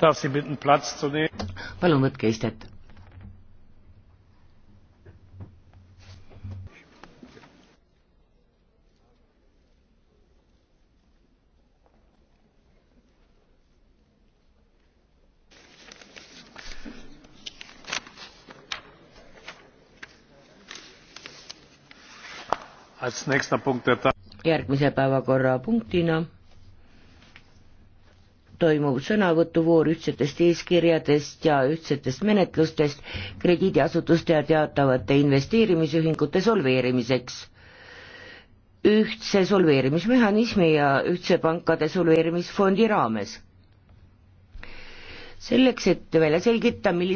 darf Sie bitten, Platz zu nehmen. Palun võtke istet. järgmise päevakorrapunktina toimub sõnavõtuvoor ühtsetest eeskirjadest ja ühtsetest menetlustest krediidiasutuste ja teatavate investeerimisühingute solveerimiseks. ühtse solveerimismehhanismi ja ühtse pankade solveerimisfondi raames. selleks, et välja selgita, millised